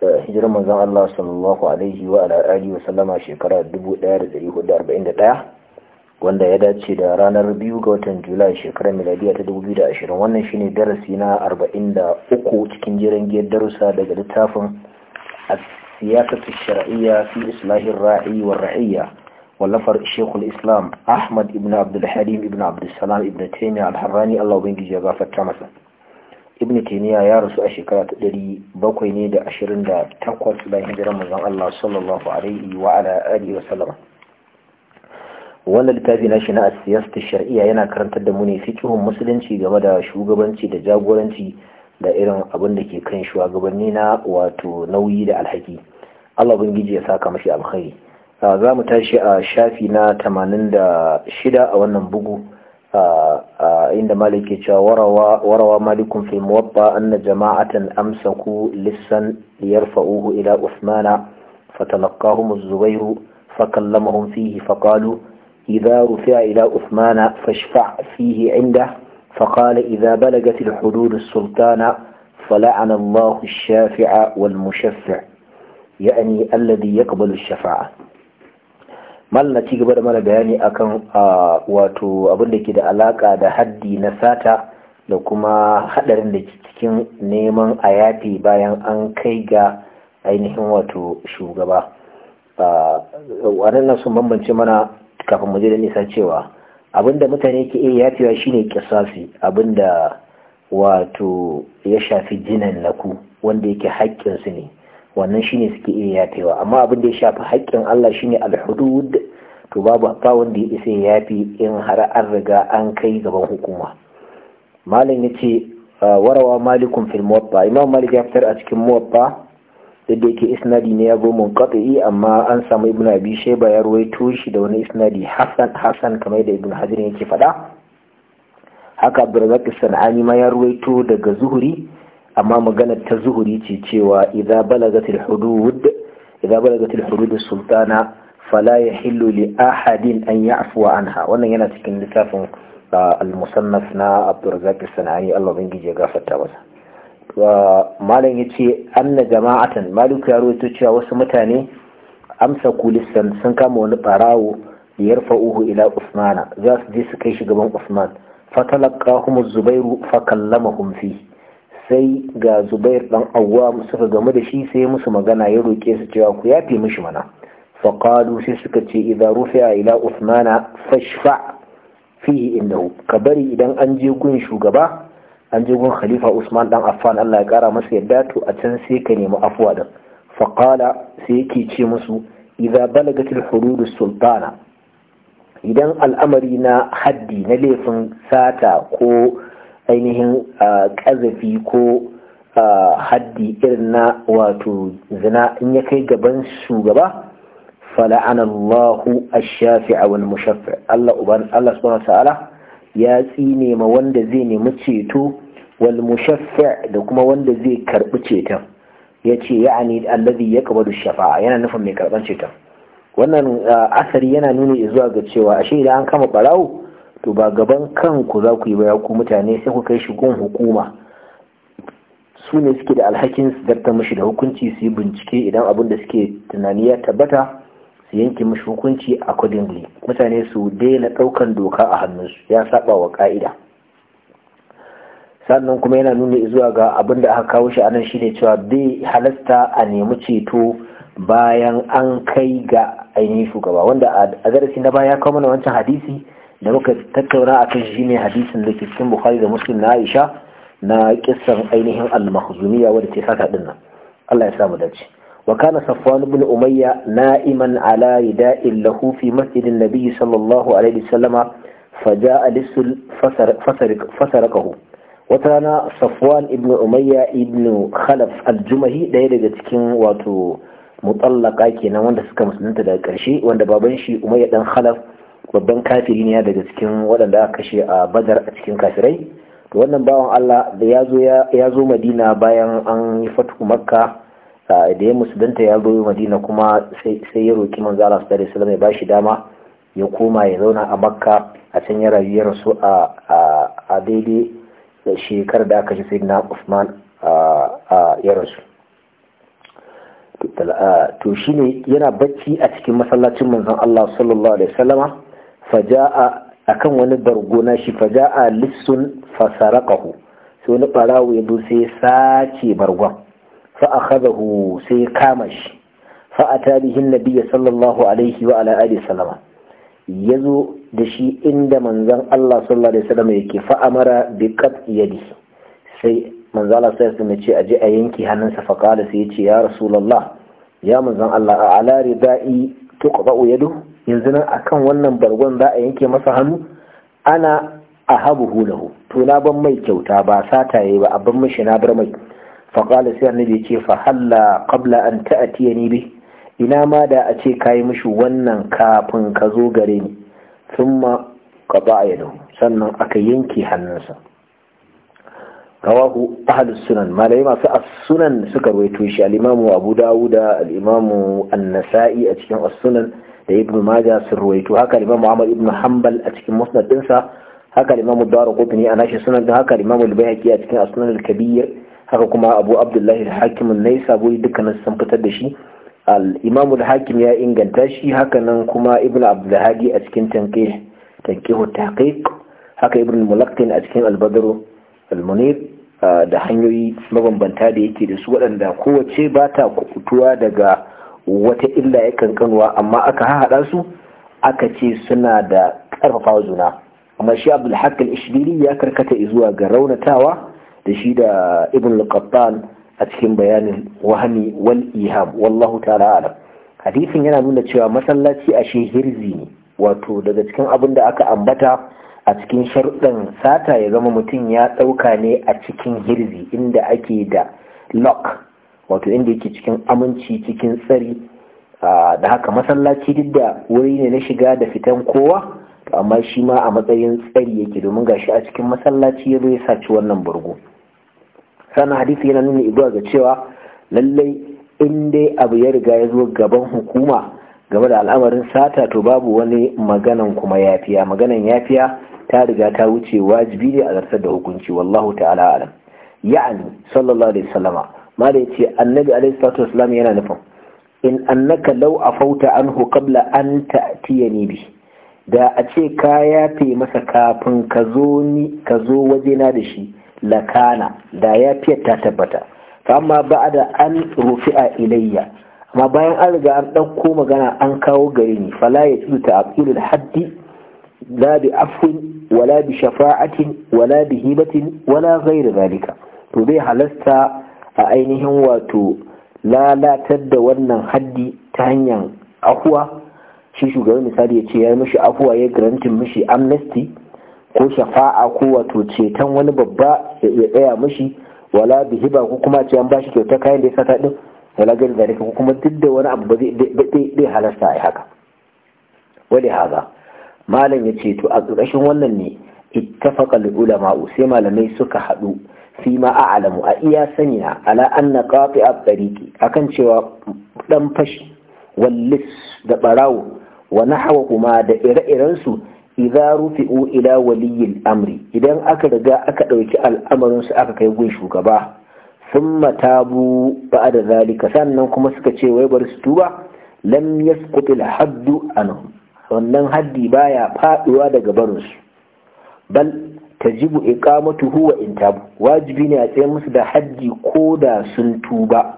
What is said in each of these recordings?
hijirar manzan Allah sallallahu alaihi wa ala wa sallama shekara 1441 wanda ya dace da ranar biyu ga watan Julai shekarar miladiya ta 2020 wannan shine darasi na 43 cikin jiran giyar darusa daga littafin siyasatu shar'iyya fi islahin ra'i wa ra'iyya wallafar shekul islam ahmad ibn abdul halim ibn abdul ibn taimiyya al-harrani Allah bin ya gafarta masa. ibn taymiya ya rasu a shekara ta ɗari bakwai ne da ashirin da takwas bayan hijirar manzon Allah sallallahu alaihi wa ala alihi wa wannan littafi na shi na asiyasta shar'iyya yana karantar da mu ne fiqhun musulunci game da shugabanci da jagoranci da irin abin da ke kan shugabanni na wato nauyi da alhaki Allah ubangiji ya saka mashi alkhairi za mu tashi a shafi na 86 a wannan bugu inda malik ya ce warawa malikun fil muwatta anna jama'atan amsaku lissan yarfa'uhu ila usmana fatalaqahum az-zubayr fakallamahum fihi faqalu إذا رفع إلى أثمان فاشفع فيه عنده فقال إذا بلغت الحدود السلطان فلعن الله الشافع والمشفع يعني الذي يقبل الشفاعة mal ci gaba da mana bayani akan wato abin da ke da alaka da haddi na sata da kuma hadarin da ke cikin neman a yafi bayan an kai ga ainihin wato shugaba waɗannan sun bambance mana kafin mu je da nisa cewa abin da mutane ke iya yafewa shine kisasi da wato ya shafi jinan naku wanda yake haƙƙinsu ne wannan shine suke iya yafewa amma abin da ya shafi haƙƙin Allah shine al-hudud to babu ba wanda ya isa ya yafi in har an riga an kai gaban hukuma malam yace ah, warawa malikun fil muwatta imam malik ya fitar a cikin muwatta da yake isnadi ne ya zo munqati amma an samu ibn abi shayba ya ruwaito shi da wani isnadi hasan hasan kamar da ibn hajar yake faɗa haka abdurrazzaq sanani ma ya ruwaito daga zuhuri amma magana ta zuhuri ce cewa idza balagatil hudud idza balagatil hudud sultana fala yahillu li ahadin an ya'fu anha wannan yana cikin littafin ah, al-musannaf na Abdurrazzaq Sanani Allah ubangiji ya gafarta masa ah, malam yace anna jama'atan maluk ya rawaito cewa wasu mutane amsa kulistan sun kama wani barawo yarfa'uhu ila Usmana za su je su kai shi gaban Usman fatalaqahum zubairu zubair fa kallamahum sai ga zubair dan Awwa suka game da shi sai musu magana ya roke su cewa ku yafe mishi mana faqalu sai suka ce idza rufi'a ila usmana fashfa fihi indahu ka bari idan an je gun shugaba an je gun khalifa usman dan affan Allah ya kara masa yadda to a can sai ka nemi afwa da faqala sai yake ce musu idza balagatil hudud sultana idan al'amari na haddi na laifin sata ko ainihin ƙazafi ko haddi irin na wato zina in ya kai gaban shugaba fala'ana Allahu ash a wal Allah uban Allah subhanahu wa ta'ala ya tsine ma wanda zai nemi ceto wal mushaffi da kuma wanda zai karbi ceton yace ya'ani allazi da shafa'a yana nufin mai karban ceton wannan asari yana nuni zuwa ga cewa ashe idan an kama barawo to ba gaban kanku za ku yi ba ku mutane sai ku kai shi gun hukuma su ne suke da alhakin su zarta mashi da hukunci su yi bincike idan abin da suke tunani ya tabbata su yanke mashi hukunci a accordingly mutane su daina ɗaukan doka a hannunsu ya saba wa ka'ida sannan kuma yana nuna zuwa ga abin da aka kawo shi anan shine cewa bai halasta a nemi ceto bayan an kai ga ainihin shugaba wanda a darasi na baya kawo mana wancan hadisi da muka tattauna a kan shi ne hadisin da ke cikin bukhari da muslim na aisha na kissan ainihin al-makhzumiya wadda ta saka din nan Allah ya samu dace wa kana safwan ibn umayya na'iman ala rida'in lahu fi masjidin nabiy sallallahu alaihi wasallama faja'a lisul fasarakahu wata rana safwan ibn umayya ibn khalaf al-jumahi daya daga cikin wato mutallaka kenan wanda suka musulunta daga karshe wanda baban shi umayya dan khalaf babban kafiri ne daga cikin waɗanda aka kashe a badar a cikin kafirai to wannan bawan Allah da ya zo madina bayan an yi fatu makka da ya musulunta ya zo madina kuma sai ya roki manzo Allah sallallahu alaihi wasallam ya bashi dama ya koma ya zauna a makka a can ya rayuwar ya rasu a daidai shekarar da aka shi sai na Usman ya rasu to shine yana bacci a cikin masallacin manzon Allah sallallahu alaihi wasallama faja'a akan wani bargo na shi faja'a lissun fasaraqahu sai wani barawo ya zo ya sace bargon fa akhadahu sai kama shi fa atarihin nabiyyi sallallahu alaihi wa ala alihi sallama yazo da shi inda manzon Allah sallallahu alaihi wasallam yake fa amara bi qat yadi sai manzon Allah sai ya ce aje a yanki hannunsa fa qala sai ya ce ya rasulullah ya manzon Allah a ala ridai tuqba yadu yanzu nan akan wannan bargon za a yanke masa hannu ana a habu hulahu to na ban mai kyauta ba sataye ba abin mashi na bar mai faƙala sai annabi ce fa halla qabla an ta'tiya ya bi ina ma da a ce kayi mishi wannan kafin ka zo gare ni thumma qada yadahu sannan aka yanke hannunsa rawahu ahlus sunan malai masu as-sunan suka rawaito shi al-imamu abu dawud al an-nasa'i a cikin as-sunan da ibn majah sun ruwaito haka imam muhammad ibn hanbal a cikin musnad dinsa haka imam ad kotuni a nashi sunan din haka imam al a cikin asunan kabir haka kuma abu abdullahi al na an-naisaburi dukkanin sun fitar da shi al-imam hakim ya inganta shi haka nan kuma ibn abdul hadi a cikin tanqih tanqihu haka ibn mulaqin a cikin al-badr al-munir ah, da hanyoyi mabambanta da yake da su waɗanda kowace ba ta kutuwa daga wata illa ya kankanuwa amma aka haɗa su aka ce suna da ƙarfafa juna amma shi abdul haqqal ishbili ya karkata zuwa ga raunatawa da shi da ibn al a cikin bayanin wahani wal iham wallahu ta'ala alam hadisin yana nuna cewa masallaci a hirzi ne wato daga cikin abin da aka ambata a cikin sharuɗan sata ya zama mutum ya ɗauka ne a cikin hirzi inda ake da lock wato inda yake cikin aminci cikin tsari da haka masallaci duk da wuri ne na shiga da fitan kowa to amma shi ma a matsayin tsari yake domin gashi a cikin masallaci ya zai saci wannan burgo sannan hadisi yana nuna ibuwa ga cewa lallai in dai abu ya riga ya zo gaban hukuma game da al'amarin sata to babu wani maganan kuma yafiya maganan yafiya ta riga ta wuce wajibi ne a zartar da hukunci wallahu ta'ala alam ya'ani sallallahu alaihi wasallama ma da yace annabi alaihi salatu yana nufin in annaka law afauta anhu qabla an ta'tiyani bi da a ce ka yafe masa kafin ka zo ni ka zo wajena da shi lakana da yafiyar ta tabbata fa amma ba'da an rufi'a ilayya amma bayan an riga an ɗauko magana an kawo gari ni fala ya tudu ta haddi la bi afwin wala bi shafa'atin wala bi hibatin wala ghairi zalika to dai halasta a ainihin wato lalatar da wannan haddi ta hanyar afuwa shi shugaban misali ya ce ya mishi afuwa ya garantin mishi amnesty ko shafa'a ko wato ceton wani babba ya tsaya mishi wala bihiba ko kuma ce an ba shi kyauta kayan da ya sata din wala gani da ko kuma duk da wani abu ba zai halasta a haka wani haza malam ya ce to a ƙarƙashin wannan ne ittafaqa ulama'u sai malamai suka haɗu fi ma a'lamu a iya saniya ala anna qati'a akan cewa dan fashi wallis da barawo wa hawa kuma da ire-iren su idza rufi'u ila waliyil amri idan aka riga aka ɗauki al'amarin su aka kai gun shugaba thumma tabu da zalika sannan kuma suka ce wai bar su tuba lam yasqutil haddu anhum wannan haddi baya faduwa daga barinsu bal tajibu iqamatuhu wa in tabu wajibi ne a tsaye musu da hajji ko da sun tuba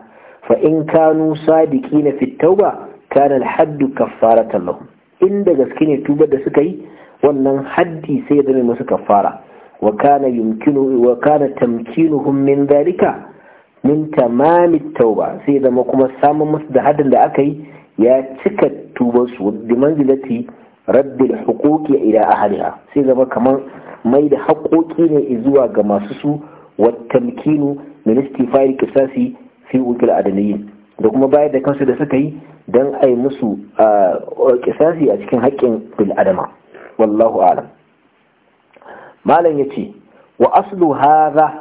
fa in kanu sadiqina fi tauba kana al-haddu kaffaratan lahum da gaske ne tubar da suka yi wannan haddi sai ya zama musu kaffara wa kana yumkinu wa kana tamkinuhum min dhalika min tamami tauba sai zama kuma samun musu da haddin da aka yi ya cika tubar su bi manzilati rabbil huquqi ila ahliha sai zama kamar mai da haƙoƙi ne zuwa ga masu su tamkinu min istifari kisasi fi wukil adaliyin da kuma bayar da kansu da suka yi don a yi musu kisasi a cikin haƙƙin bil adama wallahu alam malam ya ce wa aslu haza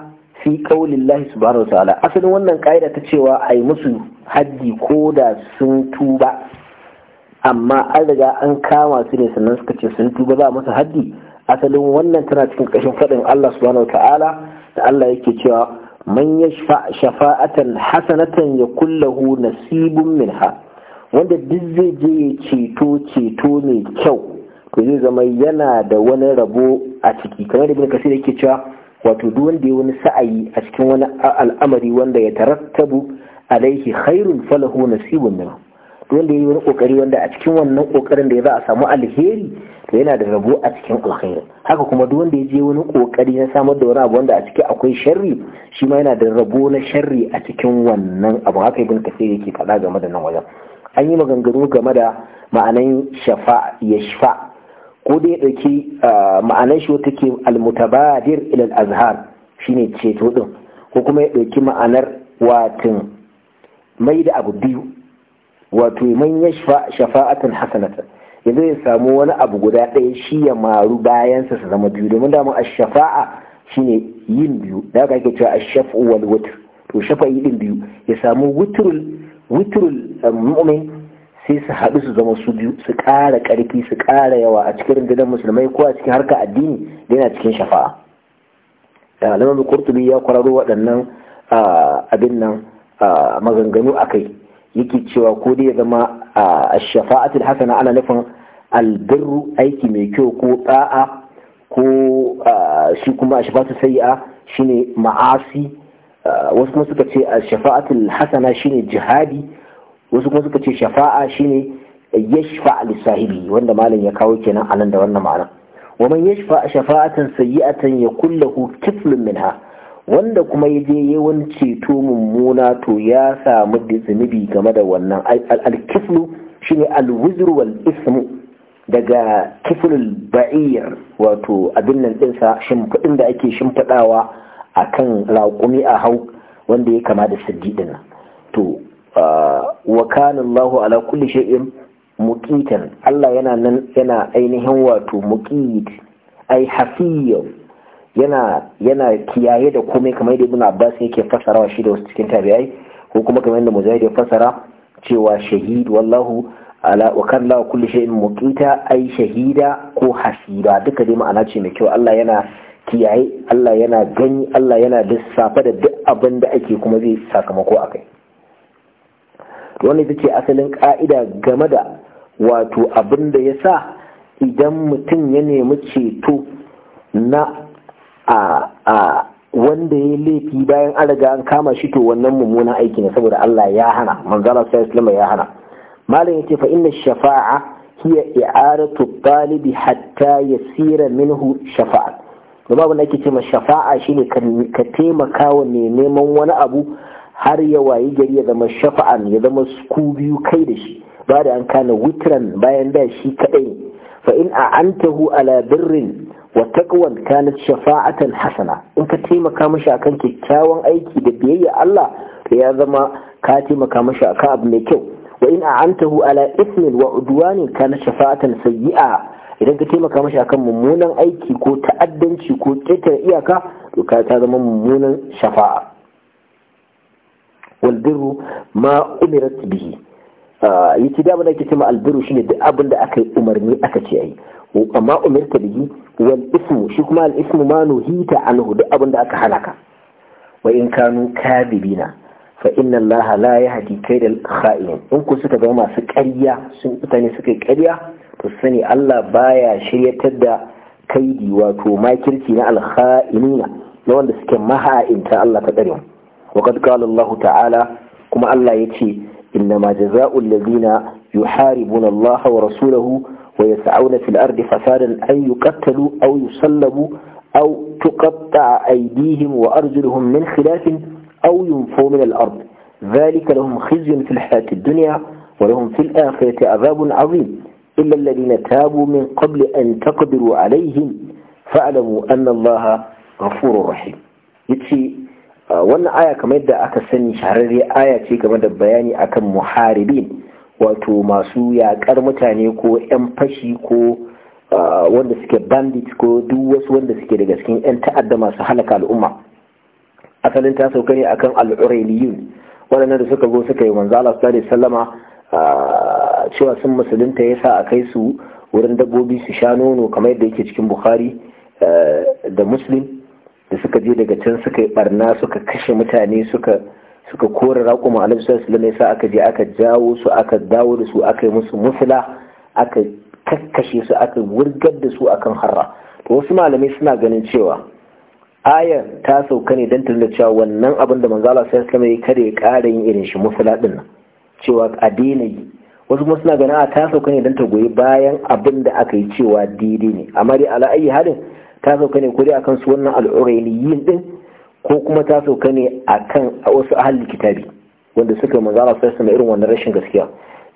fi su subhanahu ta'ala asalin wannan ƙa'ida ta cewa a yi musu haddi ko da sun tuba amma an riga an kama su ne sannan suka ce sun tuba za a musu haddi asalin wannan tana cikin ƙashin faɗin Allah subhanahu ta'ala da Allah yake cewa man yashfa shafa'atan hasanatan ya kullahu nasibun minha wanda duk zai je ya ceto ceto mai kyau to zai zama yana da wani rabo a ciki kamar da ibn kasir yake cewa wato duk wanda ya wani sa'ayi a cikin wani al'amari wanda ya tarattabu alaihi khairun falahu nasibun minha duk wanda ya yi wani kokari wanda a cikin wannan kokarin da ya za a samu alheri to yana da rabo a cikin alkhairin haka kuma duk wanda ya je wani kokari na samar da wani abu wanda a ciki akwai sharri shi ma yana da rabo na sharri a cikin wannan abu haka ibn kasir yake faɗa game da nan wajen an yi maganganu game da ma'anan shafa ya shafa ko dai ɗauki ma'anan shi wata ke almutabadir ilal azhar shine ceto din ko kuma ya ɗauki ma'anar watin mai da abu biyu wato man ya shafa'atan hasanatan Yanzu ya samu wani abu guda ɗaya shi ya maru bayansa su zama biyu domin da a shafa'a shine yin biyu da aka ake cewa a shafu wal wutur to yi yin biyu ya samu wuturul wuturul um, mu'min sai su haɗu su zama su biyu su ƙara ƙarfi su ƙara yawa a cikin rundunar musulmai ko a cikin harkar addini da yana cikin shafa'a da alamar kurtubi ya kwararo waɗannan ah, abin nan ah, maganganu a kai yake cewa ko dai ya zama a shafa'atul hasana ana nufin albirru aiki mai kyau ko da'a ko shi kuma a shafa'atul sayi'a shine ma'asi wasu kuma suka ce a shafa'atul hasana shine jihadi wasu kuma suka ce shafa'a shine yashfa li sahibi wanda malam ya kawo kenan anan da wannan ma'ana wa man yashfa shafa'atan sayi'atan ya lahu kiflun minha wanda kuma ya je yawan ceto mummuna to ya samu zunubi game da wannan alkiflu shine alwizru wal ismu daga kiflul ba'ir wato abin nan dinsa shimfiɗin da ake shimfiɗawa a kan raƙumi a hau wanda ya kama da siddiɗin to wa kana ala kulli shay'in muƙitan Allah yana nan yana ainihin wato muqit ai hafiyar yana yana kiyaye da komai kamar yadda ibn abbas yake fasarawa shi da wasu cikin tabi'ai ko kuma kamar yadda mujahid ya fasara cewa shahid wallahu ala wa kalla kulli shay'in muqita ai shahida ko hasira duka dai ma'ana ce mai kyau Allah yana kiyaye Allah yana gani Allah yana lissafa da duk abin da ake kuma zai sakamako a kai wannan ita asalin ka'ida game da wato abin da ya sa idan mutum ya nemi ceto na a wanda ya laifi bayan an riga an kama shi to wannan mummunan aiki ne saboda Allah ya hana manzala sallallahu ya hana malam yace fa inna shafa'a hiya i'aratu talibi hatta yasira minhu shafa'a to babu nake ma shafa'a shine ka taimaka wa mai neman wani abu har ya wayi gari ya zama shafa'an ya zama ku biyu kai da shi ba da an kana witran bayan da shi kadai fa in a'antahu ala birrin wa kana shafa'atan hasana in ka taimaka mashi akan kyakkyawan aiki da biyayya Allah to ya zama ka taimaka mashi akan abu mai kyau wa in a'antahu ala ismin wa udwanin kana shafa'atan sayyi'a idan ka taimaka mashi akan mummunan aiki ko ta'addanci ko ƙetare iyaka to ka ta zama mummunan shafa'a wal birru ma umirat bihi Ah, yake da bana kike albiru shine duk abin da aka yi umarni aka ce yi amma umirta yi wal ismu shi kuma al'ismu ismu ma nuhita anhu duk abin da aka halaka wa in kanu kadibina fa inna Allah la yahdi al kha'in in ku suka ga masu karya, sun mutane suka yi ƙarya to sani Allah baya shiryatar da kaidi wato makirci na al-kha'inina na wanda suke maha'inta Allah ta dare wa qad qala ta'ala kuma Allah ya ce. إنما جزاء الذين يحاربون الله ورسوله ويسعون في الأرض فسادا أن يقتلوا أو يصلبوا أو تقطع أيديهم وأرجلهم من خلاف أو ينفوا من الأرض ذلك لهم خزي في الحياة الدنيا ولهم في الآخرة عذاب عظيم إلا الذين تابوا من قبل أن تقدروا عليهم فاعلموا أن الله غفور رحيم يتشي Ah, wannan aya kamar yadda aka sani shahararre aya ce game da bayani akan muharibin wato masu yakar mutane ko 'yan fashi ko ah, wanda suke bandit ko duk wasu wanda suke daga cikin 'yan ta'adda masu halaka al'umma asalin ta sauka ne akan al'urailiyun waɗannan da suka zo suka yi manzo Allah sallallahu sallama ah, cewa sun musulunta yasa a kai su wurin dabbobi su sha nono kamar yadda yake cikin Bukhari eh, da Muslim da suka je daga can suka yi barna suka kashe mutane suka suka kore raƙuma alaihi sallallahu alaihi aka je aka jawo su aka dawo da su aka yi musu musula aka kakkashe su aka wurgar da su akan harra to wasu malamai suna ganin cewa aya ta sauka ne don tunda cewa wannan abin da manzo Allah sallallahu alaihi kada ya ƙara yin irin shi musula din nan cewa a yi wasu kuma suna ganin a ah, ta sauka ne don ta goyi bayan abin da aka yi cewa daidai ne amma dai ala ayi halin ta sauka ne kuri akan su wannan al'urayliyin din ko kuma ta sauka ne akan wasu ahlul kitabi wanda suka manzo Allah sallallahu mai irin wannan rashin gaskiya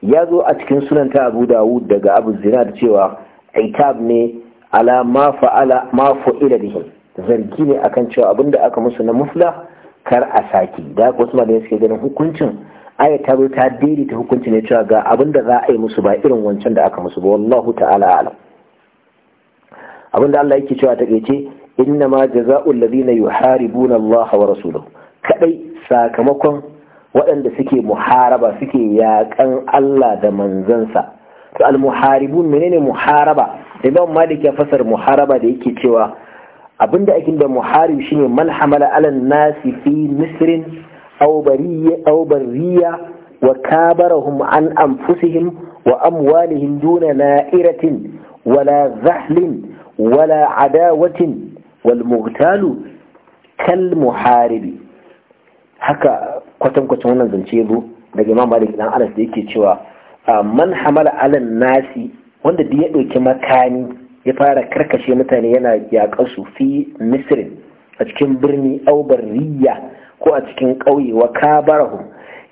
ya zo a cikin sunan ta Abu Dawud daga Abu Zina da cewa aitab ne ala ma fa'ala ma fa'ila bihi zargi ne akan cewa abinda aka musu na mufla kar a saki da haka wasu malamai suke ganin hukuncin aya ta zo ta daidaita hukuncin ne cewa ga abinda za a yi musu ba irin wancan da aka musu ba wallahu ta'ala alam abinda Allah yake cewa ta kaice inna ma jaza'ul ladina yuharibuna Allah wa Rasuluhu. kadai sakamakon waɗanda suke muharaba suke yaƙan Allah da manzansa to al-muharibun menene muharaba Imam Malik ya fasar muharaba da yake cewa abinda ake da muharib shine man hamala ala nasi fi misrin aw bariyya aw wa kabarahum an anfusihim wa amwalihim duna na'iratin wala zahlin wala adawatin wal mugtalu kal muharibi haka kwatankwacin wannan zance daga imam malik dan anas da yake cewa man hamala alan nasi wanda duk ya ɗauki makami ya fara karkashe mutane yana yaƙar su fi a cikin birni aubar ko a cikin ƙauye wa kabarahu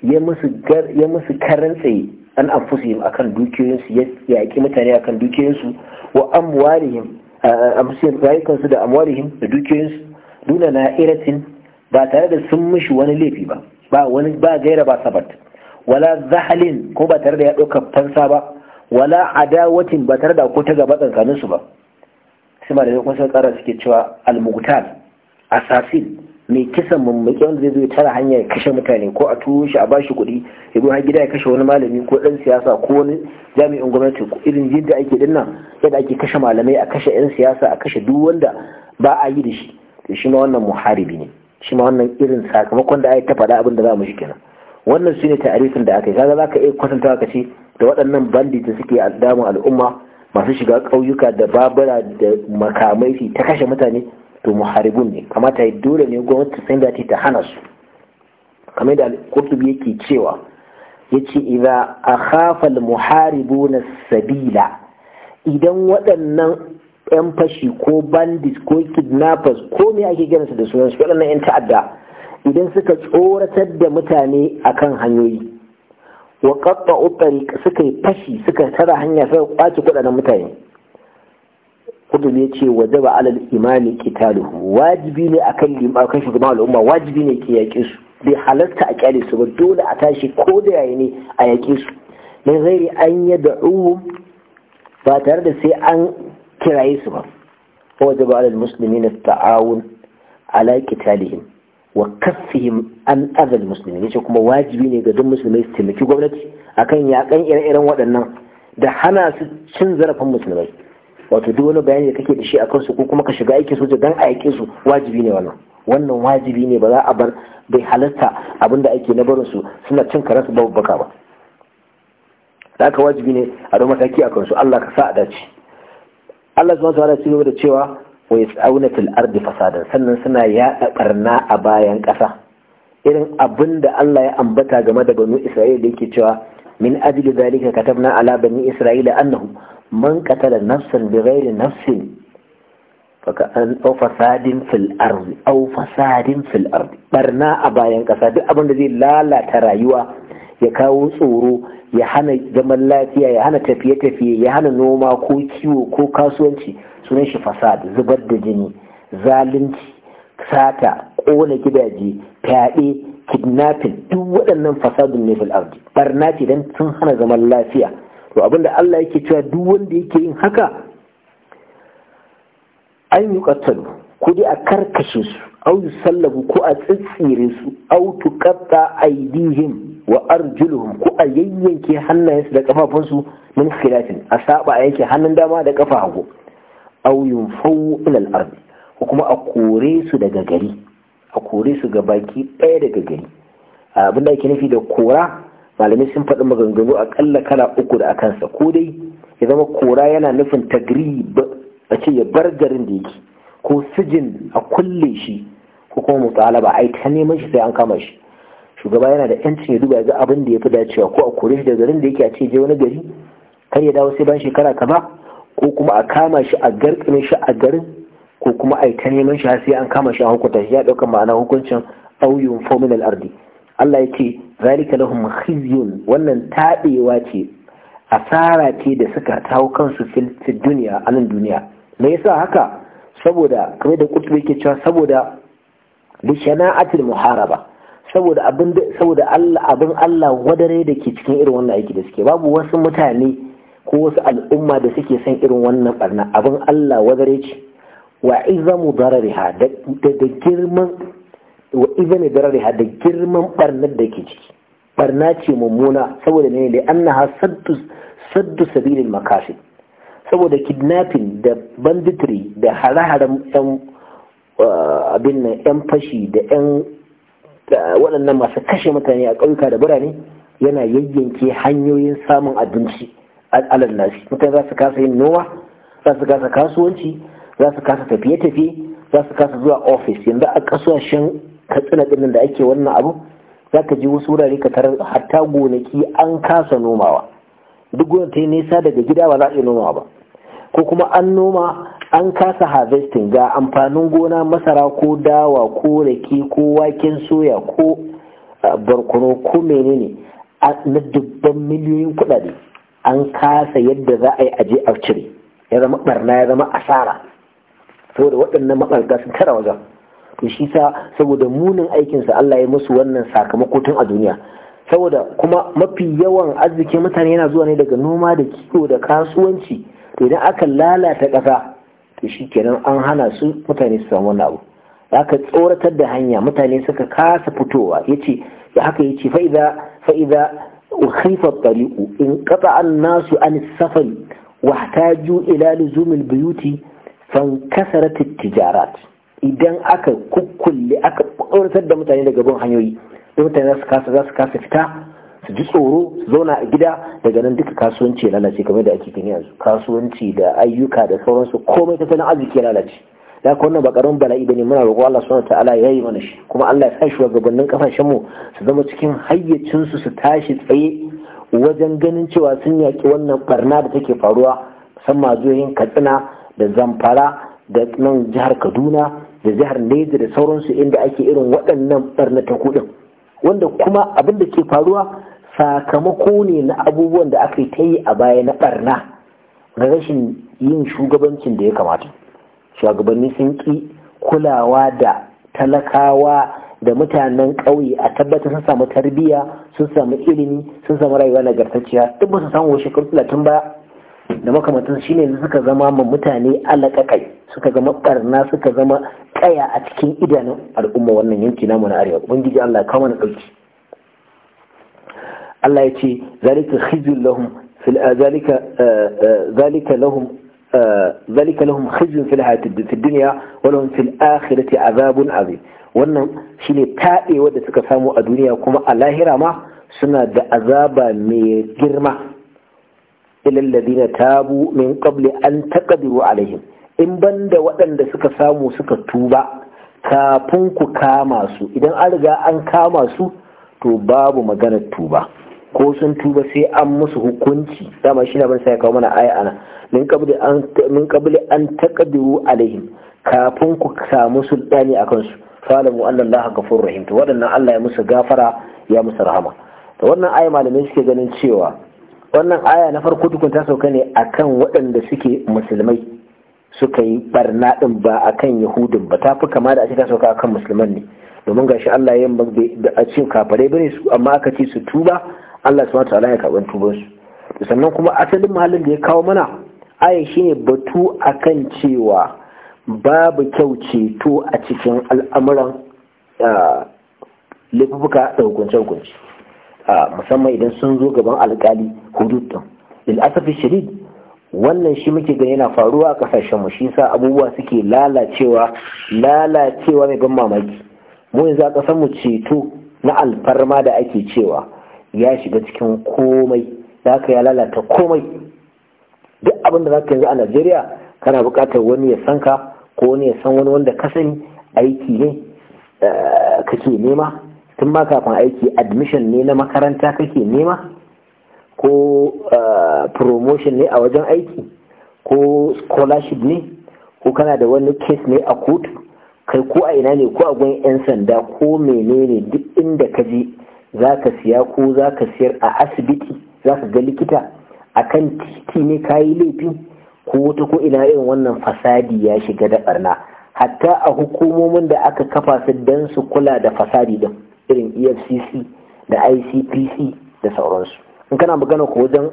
ya musu karan tsaye an anfusihim akan dukiyoyinsu ya yaƙi mutane akan dukiyoyinsu wa amwalihim amsin rayukansu da amwalihim da dukiyoyinsu duna na iratin ba tare da sun mishi wani laifi ba ba wani ba gaira ba sabat wala zahalin ko ba tare da ya ɗauka fansa ba wala adawatin ba tare da ko ta gaba tsakaninsu ba sai ma da kun sai tsara suke cewa al-mughtal assassin mai kisan mummaki wanda zai zo ya tara hanya ya kashe mutane ko a tuwo shi a bashi kuɗi ya zo gida ya kashe wani malami ko ɗan siyasa ko wani jami'in gwamnati irin yadda ake dinna yadda ake kashe malamai a kashe 'yan siyasa a kashe duk wanda ba a yi da shi to shi ma wannan muharibi ne shi ma wannan irin sakamakon da ai ta faɗa abin da za mu shi kenan wannan shine ta'arifin da aka yi kaga zaka iya kwatantawa ka ce da waɗannan bandit suke addamu al'umma masu shiga ƙauyuka da babura da makamai ta kashe mutane to muharibun ne kamata dole ne gwamnati san da ta hana su kamar da kurtubi yake cewa yace a hafal muharibu na sabila idan waɗannan 'yan fashi ko bandit ko kidnappers ko me ake su da su sunansu waɗannan 'yan ta'adda idan suka tsoratar da mutane akan hanyoyi wa qatta suka yi fashi suka tara hanya suka kwace kuɗaɗen mutane kudum ya ce waje ba alal imani kitaluhu wajibi ne akan limakan shugaban al'umma wajibi ne ke yaƙe su bai halarta a kyale su ba dole a tashi ko da yayi ne a yaƙe su min ghairi an yad'u ba tare da sai an kiraye su ba waje ba alal muslimina ta'awun ala kitalihim wa kaffihim an azal muslimin yace kuma wajibi ne ga duk musulmai su taimaki gwamnati akan yakan ire-iren waɗannan da hana su cin zarafin musulmai wato duk wani bayani da kake da shi a kansu ko kuma ka shiga aikin soja dan a yake su wajibi ne wannan wannan wajibi ne ba za a bar bai halatta abin da ake na barin su suna cin karansu babu baka ba da aka wajibi ne a don mataki a kansu Allah ka sa a dace Allah zuwa wa ta'ala ya da cewa wa yas'auna fil ardi fasadan sannan suna yaɗa barna a bayan ƙasa irin abin da Allah ya ambata game da banu Isra'ila da yake cewa min ajli dhalika katabna ala bani isra'ila annahu man qatala nafsan bighairi nafsin au fasadin fil ardi au fasadin fil ardi barna a bayan kasa duk abin da zai lalata rayuwa ya kawo tsoro ya hana zaman lafiya ya hana tafiye-tafiye ya hana noma ko kiwo ko kasuwanci sunan shi fasad zubar da jini zalunci sata kona gidaje fyaɗe kidnapping duk waɗannan fasadun ne fil ardi barna ce dan sun hana zaman lafiya to abinda Allah yake cewa duk wanda yake yin haka an yi ƙattalu ko dai a karkashe su au yi sallabu ko a tsitsire su au tuƙatta aidihim wa arjuluhum ko a yayyanke su da kafafunsu min khilafin a saba a yake hannun dama da kafa hagu au fawo ilal ardi ko kuma a kore su daga gari a kore su ga baki ɗaya daga gari abin da ake nufi da kora malamai sun faɗi maganganu a aƙalla kala uku da akansa ko dai ya zama kora yana nufin tagri a ce ya bar garin da yake ko sijin a kulle shi ko kuma ba ai ta neman shi sai an kama shi shugaba yana da yancin ya duba ya ga abin da ya fi dacewa ko a kore shi da garin da yake a ce je wani gari kar ya dawo sai ban shekara kaza ko kuma a kama shi a garkin shi a garin ko kuma a ta neman shi sai an kama shi a hukunta shi ya ɗaukar ma'ana hukuncin auyun fominal ardi Allah ya ce zalika lahum khizyun wannan tabewa ce asara ce da suka tawo kansu fil duniya a nan duniya me yasa haka saboda kamar da kutubi yake cewa saboda bi shana'atil muharaba saboda abin saboda Allah abin Allah wadare da ke cikin irin wannan aiki da suke babu wasu mutane ko wasu al'umma da suke son irin wannan barna abin Allah wadare ce wa izamu darariha da girman wa izami darariha da girman barnar da ke ciki barna ce mummuna saboda ne da ha saddu sabilin makasid saboda kidnapping da banditry da hare-haren yan uh, abin nan yan fashi da yan waɗannan masu kashe mutane a ƙauyuka da birane yana yayyanke hanyoyin samun abinci alal nasi mutane za su kasa yin noma za su kasa kasuwanci za su kasa tafiye-tafiye za su kasa zuwa ofis yanzu a shan. Ka katsina ɗin da ake wannan abu za ka ji wasu wurare ka tarar hatta gonaki an kasa nomawa duk gonar ta yi nisa daga gida ba za a yi nomawa ba ko kuma an noma an kasa harvesting ga amfanin gona masara ko dawa ko rake ko waken soya ko barkono ko menene na dubban miliyoyin kuɗaɗe? an kasa yadda za a yi aje a cire ya zama barna ya zama asara saboda waɗannan matsalga sun tara wajen to shi sa saboda munin aikinsa Allah ya musu wannan sakamako tun a duniya saboda kuma mafi yawan arzikin mutane yana zuwa ne daga noma da kiwo da kasuwanci to idan aka lalata ƙasa to shi kenan an hana su mutane su samu wannan abu aka tsoratar da hanya mutane suka kasa fitowa ya ce, ya haka ya ce, fa'iza fa'iza ukhifa tariqu in qata an-nasu an safari wahtaju ila luzumil buyuti fankasarat at-tijarat idan aka kukkulle aka ƙauratar da mutane daga bin hanyoyi da mutane za su kasa za su kasa fita su ji tsoro su zauna a gida daga nan duka kasuwanci ya lalace kamar da ake gani yanzu kasuwanci da ayyuka da sauransu komai ta tana arziki ya lalace da haka wannan ba karamin bala'i bane muna roƙo Allah subhanahu ta'ala yayi mana shi kuma Allah ya sa gabanin kafashen mu su zama cikin hayyacin su su tashi tsaye wajen ganin cewa sun yaki wannan barna da take faruwa musamman a katsina da zamfara da nan jihar kaduna da jihar Neja da sauransu inda ake irin waɗannan ɓarnata kuɗin wanda kuma abin da ke faruwa sakamako ne na abubuwan da aka yi ta yi a baya na ɓarna na rashin yin shugabancin da ya kamata shugabanni sun ƙi kulawa da talakawa da mutanen ƙauye a tabbatar sun samu tarbiyya sun samu ilimi sun samu rayuwa nagartacciya duk ba su samu shekaru talatin ba da makamantan shi ne suka zama ma mutane alaƙaƙai suka zama ɓarna suka zama ƙaya a cikin idanun al'umma wannan yanki namu na arewa ubangiji Allah ya kama na ɗauki Allah ya ce zalika khizyun lahum fil eh, zalika eh, eh, zalika lahum ذلك لهم خزي في الحياة في الدنيا ولهم في الآخرة عذاب wannan shine taɗe wadda suka samu a duniya kuma a lahira ma suna da azaba mai girma ilal ta tabu min qabli an taqdiru alaihim in banda waɗanda suka samu suka tuba kafin ku kama su idan an riga an kama su to babu maganar tuba ko sun tuba sai an musu hukunci dama shi na ban sai kawo mana aya ana min qabli an min qabli an taqdiru alaihim kafin ku samu sultani akan su falamu annallaha ghafurur rahim to waɗannan Allah ya musu gafara ya musu rahama to wannan aya malamai suke ganin cewa wannan aya na farko tukun ta sauka ne akan waɗanda suke musulmai suka yi barna ɗin ba akan yahudin ba ta fi kama da ake ta sauka kan musulman ne domin gashi Allah ya yi da a ce kafare bane su amma aka ce su tuba Allah su mata ya karɓi tuban su sannan kuma asalin mahallin da ya kawo mana aya shine batu kan cewa babu kyau ceto a cikin al'amuran ah, laifuka da hukunce-hukunce musamman idan sun zo gaban alkali hudud din lil'asafi asafi shadid wannan shi muke gani yana faruwa a kasashen mu shi yasa abubuwa suke lalacewa lalacewa mai ban mamaki mu yanzu a kasan mu ceto na alfarma da ake cewa ya shiga cikin komai ka ya lalata komai duk abin da zaka yanzu a Najeriya kana buƙatar wani ya san ka ko wani ya san wani wanda ka sani aiki ne eh, kake nema tun ma kafin aiki admission ne na makaranta kake nema ko uh, promotion ne a wajen aiki ko scholarship ne ko kana da wani case ne a kotu kai ko a ina ne ko a gwan 'yan sanda ko menene duk inda ka je za ka siya ko za ka siyar a asibiti za ka ga likita a kan titi ne ka yi laifi ko wata ko ina irin wannan fasadi ya shiga da barna hatta a hukumomin da aka kafa su don su kula da fasadi din irin efcc da icpc da sauransu in kana magana ko wajen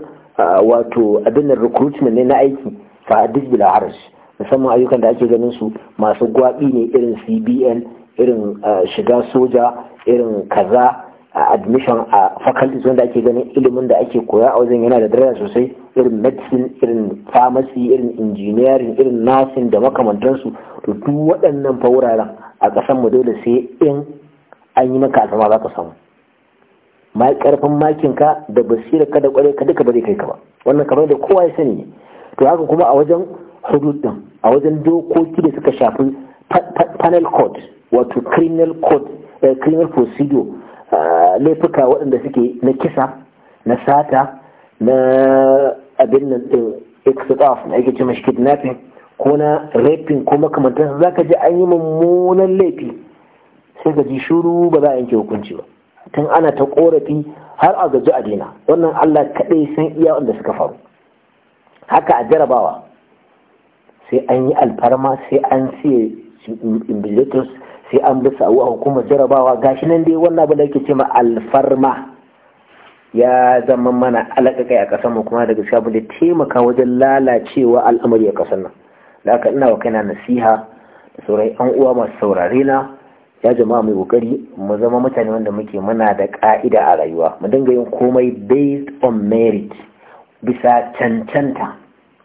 wato abin recruitment ne na aiki fa duk bila harshe musamman ayyukan da ake ganin su masu gwaɓi ne irin cbn irin shiga soja irin kaza a admission a faculties wanda ake ganin ilimin da ake koya a wajen yana da daraja sosai irin medicine irin pharmacy irin engineering irin nursing da makamantansu to duk waɗannan fa wuraren a ƙasar mu dole sai in an yi maka asama za ka samu ma karfin makinka da basira ka da kwarai ka duka ba kai ka ba wannan kamar da kowa ya sani to haka kuma a wajen hudud din a wajen dokoki da suka shafi panel code wato criminal code eh, criminal procedure ah, laifuka waɗanda suke na kisa na sata na abin nan din extaf na ake ce mashi kidnapping ko na raping ko makamantar za ji an yi mummunan laifi sai ka ji shuru ba za a yanke hukunci ba tun ana ta korafi har a gaji a daina wannan Allah kaɗai san iya wanda suka faru haka a jarabawa sai an yi alfarma sai an siye imbilitus sai an bisa a hukumar jarabawa gashi nan dai wannan abin da ake ce ma alfarma ya zama mana alaƙaƙai a ƙasar mu kuma daga sabon da taimaka wajen lalacewa al'amari a ƙasar nan da haka ina wa kaina nasiha da sauran 'yan uwa masu saurare na ya jama'a mai kokari mu zama mutane wanda muke muna da ka'ida a rayuwa mu dinga yin komai based on merit bisa cancanta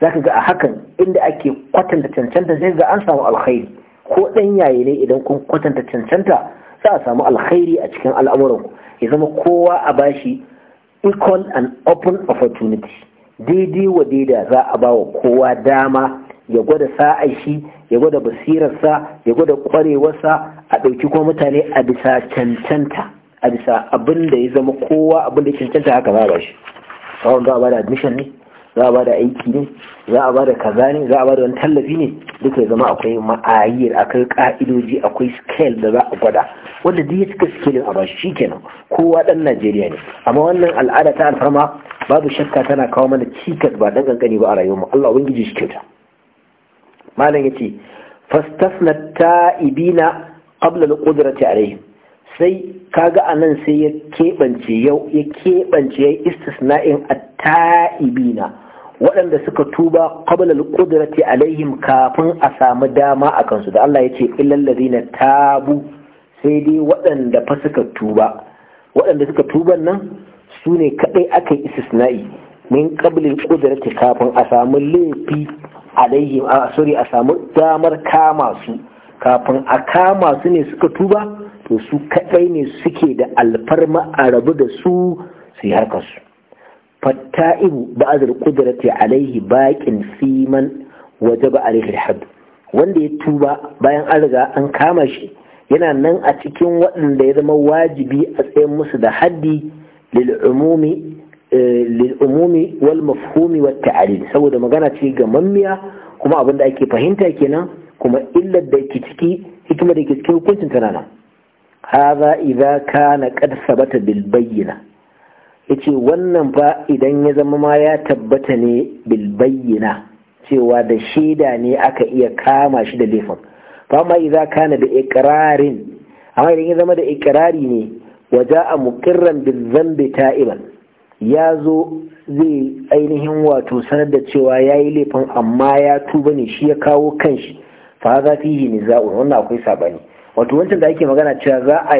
zaka ga a hakan inda ake kwatanta cancanta sai ga an samu alkhairi ko dan yaye ne idan kun kwatanta cancanta za a samu alkhairi a cikin al'amuran ku ya zama kowa a bashi equal and open opportunity daidai wa daida za a bawa kowa dama ya gwada sa'ai shi ya gwada basirarsa ya gwada kwarewarsa a ɗauki kuma mutane a bisa cancanta a bisa abin da ya zama kowa abin da cancanta haka za a ba shi kawon za a ba da admission ne za a ba da aiki ne za a ba da kaza ne za a ba da wani tallafi ne duka ya zama akwai ma'ayir akwai ka'idoji akwai scale da za a gwada wanda duk ya cika scale a ba shi kenan kowa dan najeriya ne amma wannan al'ada ta alfarma babu shakka tana kawo mana cikas ba dan kankani ba a rayuwar mu allah ubangiji shi kyauta malam yace fastasna ta'ibina qabla al-qudrati alayhim sai kaga anan sai ya kebance yau ya kebance ya istisna'in at-ta'ibina waɗanda suka tuba qabla al-qudrati alaihim kafin a samu dama a kansu da Allah yace illal ladina tabu sai dai waɗanda fa suka tuba waɗanda suka tuba nan su ne kaɗai aka yi istisna'i min qablil qudrati kafin a samu laifi Alaihi a a samu damar kama su kafin a kama su ne suka tuba to su kadai ne suke da alfarma a rabu da su su yi harka su fatta'ibu ba'adar kudrati alaihi baƙin siman wajaba alaihi hadd wanda ya tuba bayan an riga an kama shi yana nan a cikin waɗanda ya zama wajibi a tsayin musu da haddi lil'umumi. lil'umumi wal mafhumi wat saboda magana ce ga mammiya kuma abin da ake fahimta kenan kuma illar da ke ciki hikima da ke cikin hukuncin tana nan hadha idza kana qad sabata bil bayyina yace wannan fa idan ya zama ma ya tabbata ne bil bayyina cewa da shaida ne aka iya kama shi da laifin fa amma idza kana bi iqrarin amma idan ya zama da iqrari ne waja'a muqirran bil dhanbi ta'iban ya zo zai ainihin wato sanar da cewa ya yi laifin amma ya tuba ne shi ya kawo kanshi fa za fi yi ne za'u wannan akwai saɓani wato wancan da ake magana cewa za a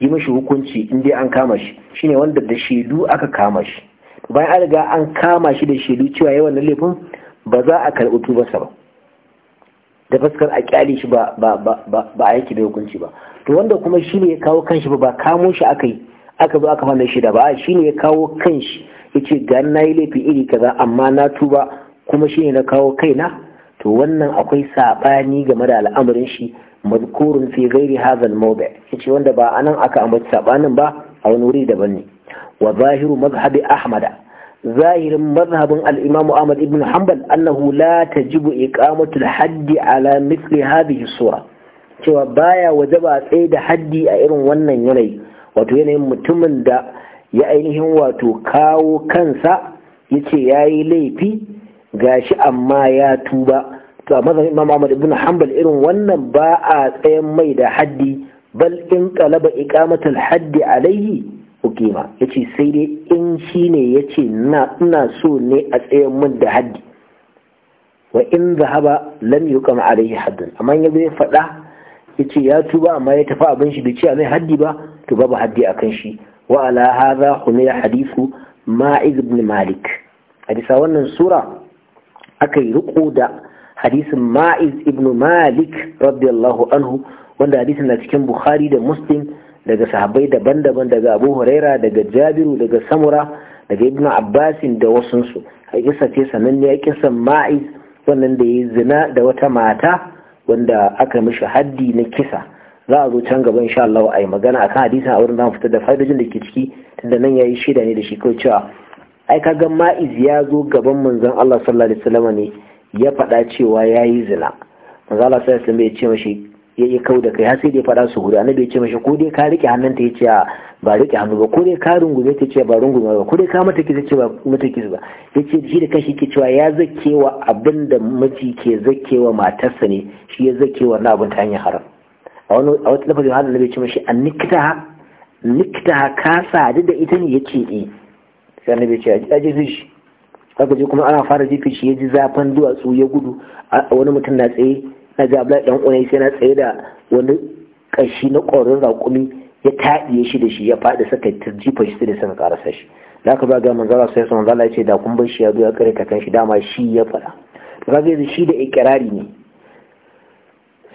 yi mashi hukunci in dai an kama shi shine wanda da shaidu aka kama shi bayan an riga an kama shi da shaidu cewa yawan wannan laifin ba za a karɓi tubarsa ba da fuskar a kyale shi ba a yake da hukunci ba to wanda kuma shi ne ya kawo kanshi ba ba kamo shi aka yi aka zo aka manna shi da ba shi ne ya kawo kan kanshi ce ga na yi laifi iri kaza amma na tuba kuma shi ne na kawo kaina to wannan akwai saɓani game da al'amarin shi mazkurun fi ghairi hadha al ya ce wanda ba anan aka ambaci sabanin ba a wani wuri daban ne wa zahiru mazhabi ahmada zahirin mazhabin al-imam ahmad ibn hanbal annahu la tajibu iqamatu al-haddi ala mithli hadhihi sura cewa baya wajaba tsaye da haddi a irin wannan yanayi wato yanayin mutumin da ya ainihin wato kawo kansa ya ce ya yi laifi gashi amma ya tuba to a mazan imam ahmad ibn hanbal irin wannan ba a tsayan mai da haddi bal in qalaba iqamatul haddi alayhi hukima yace sai dai in shine yace na ina so ne a tsayan mun da haddi wa in zahaba lam yuqam alaihi haddun amma yanzu ya faɗa yace ya tuba amma ya tafi abin shi bai ce mai haddi ba to babu haddi akan shi wa ala hadha humila hadithu ma'iz ibn malik hadisa wannan sura aka yi riko da hadisin ma'iz ibn malik radiyallahu anhu wanda hadisin na cikin bukhari da muslim daga sahabbai daban-daban daga abu huraira daga jabiru daga samura daga ibn abbasin da wasunsu a kisa ce sananne ya kisa ma'iz wannan da ya zina da wata mata wanda aka mishi haddi na kisa za a zo can gaba insha Allah a yi magana akan hadisin a wurin da fitar da fa'idojin da ke ciki tunda nan ya yi shida ne da shi kawai cewa ai kaga ma'iz ya zo gaban manzon Allah sallallahu alaihi wasallam ne ya faɗa cewa yayi zina manzon Allah sallallahu alaihi wasallam ya ce mashi ya yi kau da kai har sai da ya faɗa su hudu annabi ya ce mashi ko dai ka rike hannunta ya ce ba rike hannu ba ko dai ka rungume ta ce ba rungume ba ko dai ka mata kisa ce ba mata kisa ba ya ce shi da kashi ke cewa ya zakewa abin da miji ke zakewa matarsa ne shi ya zakewa na abin ta hanyar haram a wani a wata lafazin hannun annabi ya ce mashi ha, nikta nikta ka sadu da ita ne ya ce e. sai annabi ya ce a ji shi haka je kuma ana fara jefe shi ya ji zafin duwatsu ya gudu wani mutum na tsaye na ga dan uwan sai na tsaye da wani kashi na ƙorin raƙumi ya taɗiye shi da shi ya faɗi saka jifa shi da suka karasa shi da aka ba ga manzara sai sun zala ce da kun bar shi ya zo ya kare kakan shi dama shi ya faɗa to kaga zai shi da ikirari ne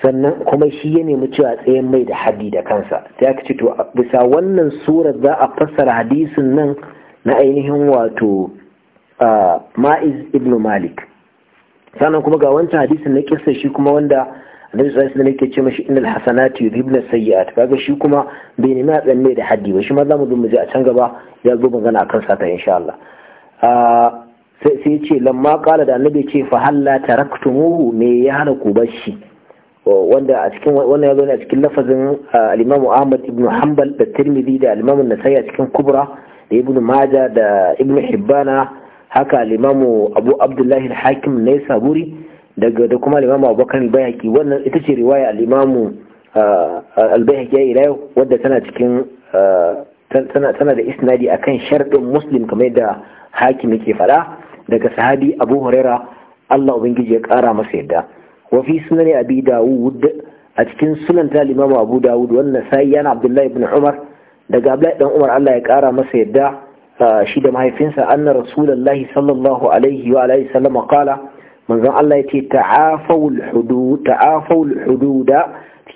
sannan kuma shi ya nemi cewa tsayen mai da hadi da kansa sai aka ce to bisa wannan surar za a fassara hadisin nan na ainihin wato ah, ma'iz ibn malik sannan kuma ga wancan hadisin na kisa shi kuma wanda annabi sallallahu alaihi wasallam yake ce mashi innal hasanatu yudhibna sayyi'at kaga shi kuma bai nemi a tsanne da haddi ba shi ma zamu mu je a can gaba ya zo magana akan sata insha Allah sai sai ce lamma qala da annabi ce fa halla taraktumuhu me ya hana ku bashi wanda a cikin wannan zo ne a cikin lafazin al-Imam Ahmad ibn Hanbal da Tirmidhi da al-Imam nasai cikin Kubra da Ibn Majah da Ibn Hibbana haka limamu abu abdullahi hakim ne saburi daga da kuma limamu abubakar albayaki wannan ita ce riwaya limamu uh, uh, albayaki ya ila yau wadda tana cikin uh, tana da isnadi akan sharɗin muslim kamar da hakim ke faɗa daga sahabi abu huraira allah ubangiji ya kara masa yadda wafi sunani abi dawud a cikin sunan ta limamu abu dawud wannan sai yana abdullahi ibn umar daga abdullahi dan umar allah ya kara masa yadda shi da mahaifinsa anna rasulullahi sallallahu alaihi wa alaihi sallama qala manzon Allah ya ta'afawul hudud ta'afawul hududa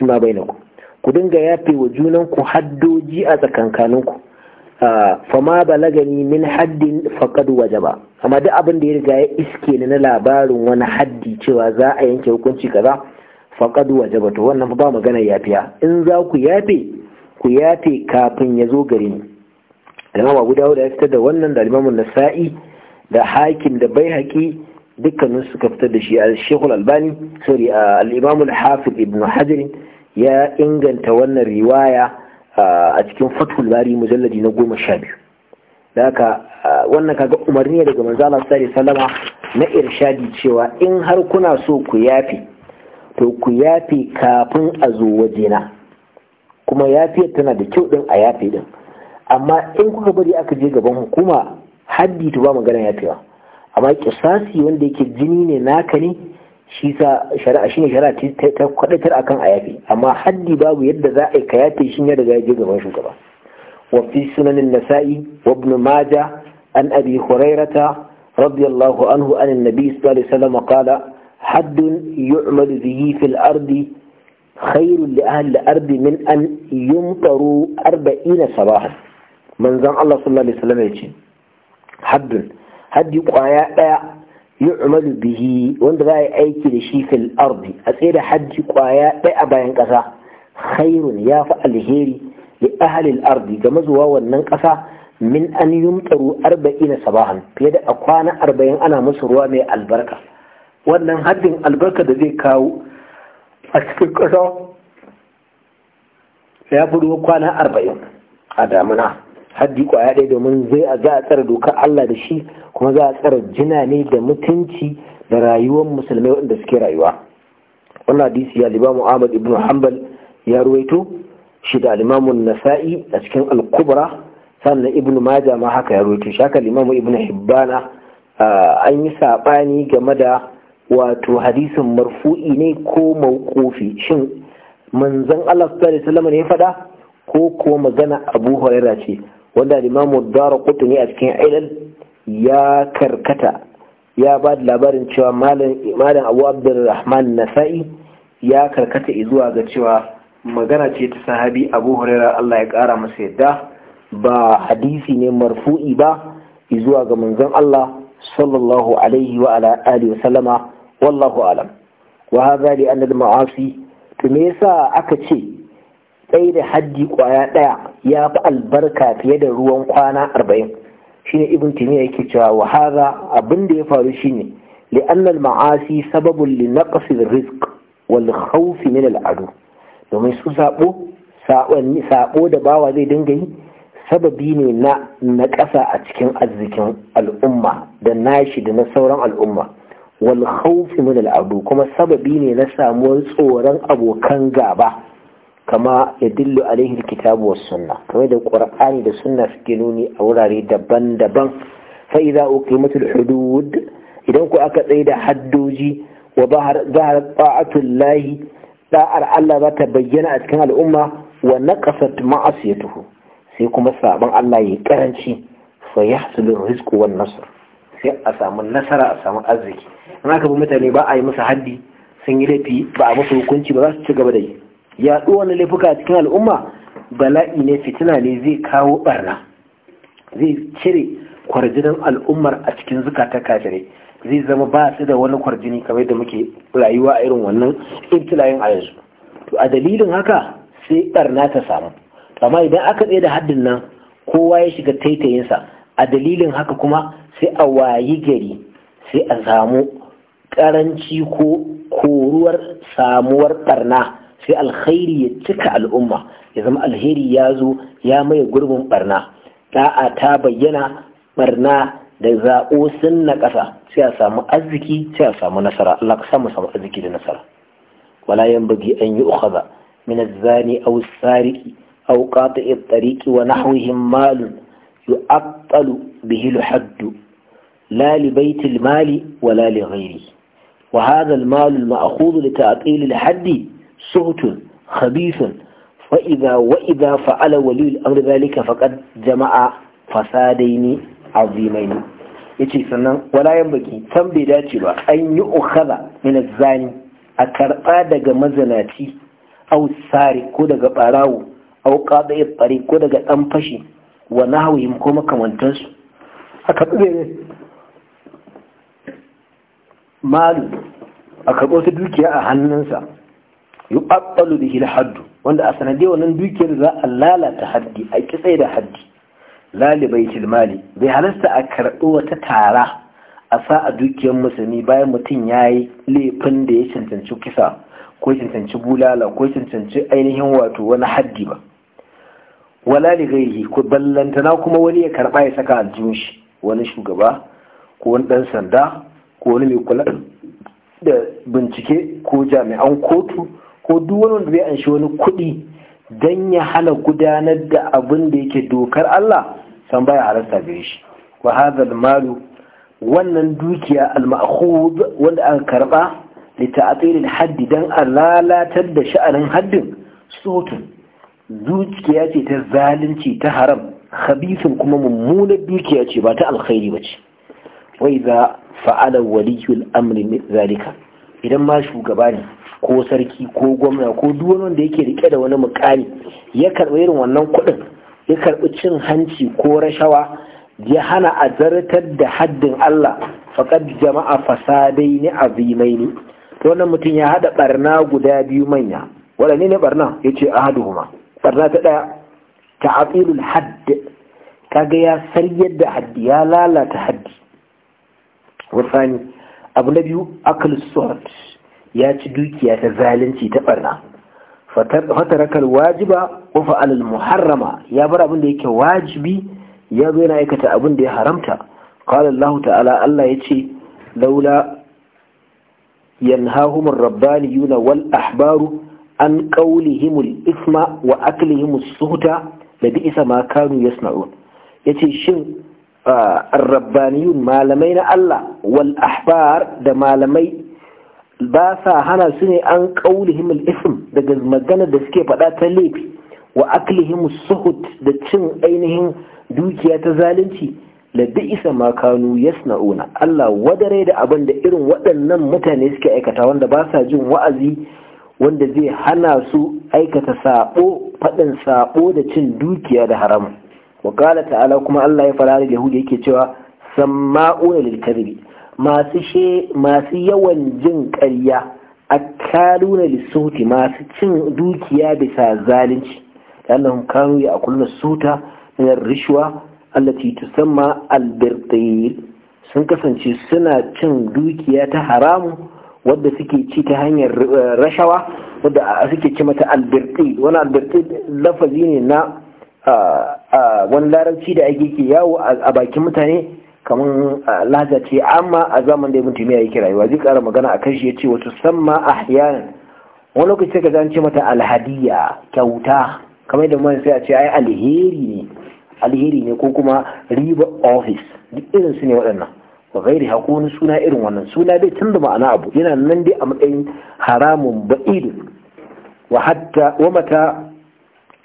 bai bainakum ku dinga yafe wa junanku haddoji a tsakankaninku ku fama balagani min haddin waje ba amma duk abin da ya riga ya iske ni na labarin wani haddi cewa za a yanke hukunci kaza waje ba to wannan ba magana yafiya in za ku yafe ku yafe kafin ya zo gari ni imam abu da ya fitar da wannan da imam nasa'i da hakim da baihaqi dukkanin suka fitar da shi a shekul albani sorry uh, al-imam hafiz ibn hajar ya inganta wannan riwaya uh, a cikin fathul bari mujalladi na goma sha biyu da uh, wannan kaga umarni daga manzo Allah sallallahu na irshadi cewa in har kuna so ku yafe, to ku yafe kafin a zo wajena kuma yafiyar tana da kyau din a yafi din amma in kuka bari aka je gaban hukuma haddi ta ba magana ya fiwa amma kisasi wanda yake jini ne naka ne shi sa shari'a shine shari'a ta kwadatar akan a amma haddi babu yadda za a yi ka yafe shi ya daga ya je gaban shugaba wa fi sunanin nasa'i wa ibn maja an abi hurairata radiyallahu anhu an annabi sallallahu alaihi wasallam qala حد يعمل به في الأرض خير لأهل الأرض من أن يمطروا أربعين صباحا manzan Allah sallallahu alaihi wasallam ya ce haddun haddi kwaya daya yu'malu bihi wanda za a yi aiki da shi fil ardi a tsaye da haddi kwaya daya a bayan kasa khairun ya fi alheri li ahli ardi ga mazuwa wannan kasa min an yumtaru arba'ina sabahan fiye da a kwana arba'in ana musu ruwa mai albarka wannan haddin albarka da zai kawo a cikin kasa ya fi ruwa kwana arba'in a damuna haddi kwaya ɗaya domin zai a za a tsara dokar Allah da shi kuma za a tsara jina ne da mutunci da rayuwar musulmai waɗanda suke rayuwa wannan hadisi ya liba Muhammad ibn Hanbal ya ruwaito shi da limamun Nasa'i a cikin Al-Kubra sannan Ibn Majah ma haka ya ruwaito shi haka limamu Ibn Hibbana an yi saɓani game da wato hadisin marfu'i ne ko mawqufi shin manzon Allah sallallahu alaihi wasallam ne ya faɗa ko kuwa magana Abu Hurairah ce wanda limamu dara kutuni a cikin ilal ya karkata ya ba da labarin cewa malam abu abdulrahman nasa'i ya karkata zuwa ga cewa magana ce ta sahabi abu huraira allah ya kara masa yadda ba hadisi ne marfu'i ba zuwa ga manzon allah sallallahu alaihi wa ala wa sallama wallahu alam wa hadha li anna al ma'asi to me yasa aka ce tsaye da haddi kwaya daya ya fi albarka fiye da ruwan kwana arba'in shine ibn timiya yake cewa wa haza abin da ya faru shine ne. al-ma'asi sababun li naqsi rizq wal khawf min al-adu domin su sabo sabo da bawa zai dinga yi sababi ne na na a cikin arzikin al'umma da nashi da na sauran al'umma wal khawf min al-adu kuma sababi ne na samuwar tsoron abokan gaba kama ya dillu alaihi kitabu wa sunna kamar da ƙur'ani da sunna suke nuni a wurare daban-daban fa idza uqimatul hudud idan ku aka tsaye da haddoji wa zahar ta'atullahi da'ar Allah za ta bayyana a cikin al'umma wa ya tuhu. sai kuma sabon Allah ya karanci fa yahsulu rizqu wan nasr sai a samu nasara a samu arziki in aka bi mutane ba a yi musu haddi sun yi laifi ba a musu hukunci ba za su ci gaba da yi yaɗo na laifuka a cikin al'umma bala'i ne fitina ne zai kawo ɓarna. zai cire kwarjinin al'ummar a cikin zukata kafirai zai zama ba su da wani kwarjini kamar da muke rayuwa a irin wannan ibtilayin a yanzu to a dalilin haka sai barna ta samu amma idan aka tsaye da haddin nan kowa ya shiga taitayinsa a dalilin haka kuma sai a wayi gari sai a samu karanci ko koruwar samuwar ɓarna. sai alkhairi ya cika al'umma ya zama alheri ya zo ya maye gurbin barna da'a ta bayyana barna da zaɓo sun na ƙasa sai a samu arziki sai a samu nasara Allah ka samu samu arziki da nasara wala yanbaghi an yu'khadha min az-zani aw as-sariqi aw qati'i at-tariqi wa nahwihim malun yu'attalu bihi al-hadd la li bayti al-mali wa la li ghayrihi وهذا المال المأخوذ لتعطيل الحد suhutun khabithun wa idza wa idza fa'ala waliyul amri zalika faqad jama'a fasadaini azimaini yace sannan wala yan baki san bai dace ba an yi ukhadha min zani a karba daga mazanaci aw sari ko daga barawo aw qada'i tsari ko daga dan fashi wa nahwihim ko makamantansu aka tsire malu a karɓo ta dukiya a hannunsa yuqattalu bihi al-hadd wanda a sanade wannan dukiyar za a lalata haddi a kitsai da haddi lali mali bai halasta a karɓi wata tara a sa a dukiyar musulmi bayan mutum ya yi laifin da ya cancanci kisa ko cancanci bulala ko cancanci ainihin wato wani haddi ba wala li ghairihi ko ballantana kuma wani ya karɓa ya saka aljihun shi wani shugaba ko wani dan sanda ko wani mai kula da bincike ko jami'an kotu ko duk wani wanda zai anshi wani kuɗi don ya hana gudanar da abin da yake dokar Allah san baya halarta gare shi wa malu wannan dukiya al-ma'khud wanda aka karba li ta'til haddi hadd dan alalatar da sha'anin haddin sotun dukiya ce ta zalunci ta haram khabithun kuma mummunar dukiya ce ba ta alkhairi bace wai za fa'ala waliyul amri zalika idan ma shugaba ne ko sarki ko gwamna ko duk wani wanda yake rike da wani mukami ya karɓi irin wannan kuɗin ya karɓi cin hanci ko rashawa ya hana a zartar da haddin Allah faƙad jama'a fasadai ne azimai ne Ta wannan mutum ya haɗa ɓarna guda biyu manya waɗanne ne ɓarna ya ce ahaduhuma ɓarna ta ɗaya ta'atilul hadd kaga ya saryar da haddi ya lalata haddi wasani abu na biyu akal ya ci dukiya ta zalunci ta barna fatarakar wajiba wa fa'al muharrama ya bar abin da yake wajibi ya zo yana aikata abin da ya haramta qala Allah ta'ala Allah yace laula yanhahum ar-rabbaniyuna wal ahbaru an qawlihim al-ithma wa aklihim as-suhta ma kanu yasna'un yace shin ah, ar-rabbaniyun malamai na Allah wal ahbar da malamai ba sa hana su ne an qaulihim al isim daga magana da suke faɗa ta laifi wa aklihim suhut da cin ainihin dukiya ta zalunci la bi'sa ma kanu yasna'una Allah wadare da abin da irin waɗannan mutane suke aikata wanda ba sa jin wa'azi wanda zai hana su aikata sabo faɗin sabo da cin dukiya da haramu. wa ta'ala kuma Allah ya fara da Yahudi yake cewa samma'una lil kadhibi masu yawan jin karya a kaluna lissuti masu cin dukiya bisa zalunci lallahun kanu ya akulna suta na rishwa allati tusamma albirtail sun kasance suna cin dukiya ta haramu wadda suke ci ta hanyar eh, rashawa wadda suke ci mata albirtail wani albirtail lafazi ne na ah, ah, wani larabci da ake yawo a bakin mutane kamar lada ce amma a zaman da ibn timiya yake rayuwa zai kara magana a kan shi yace wato samma ahyanan wani lokaci ka an ce mata alhadiya kyauta kamar da man sai a ce ai alheri ne alheri ne ko kuma riba office duk irin su ne waɗannan wa gairi suna irin wannan suna dai canza ma'ana abu yana nan dai a matsayin haramun ba'idin wa hatta wa mata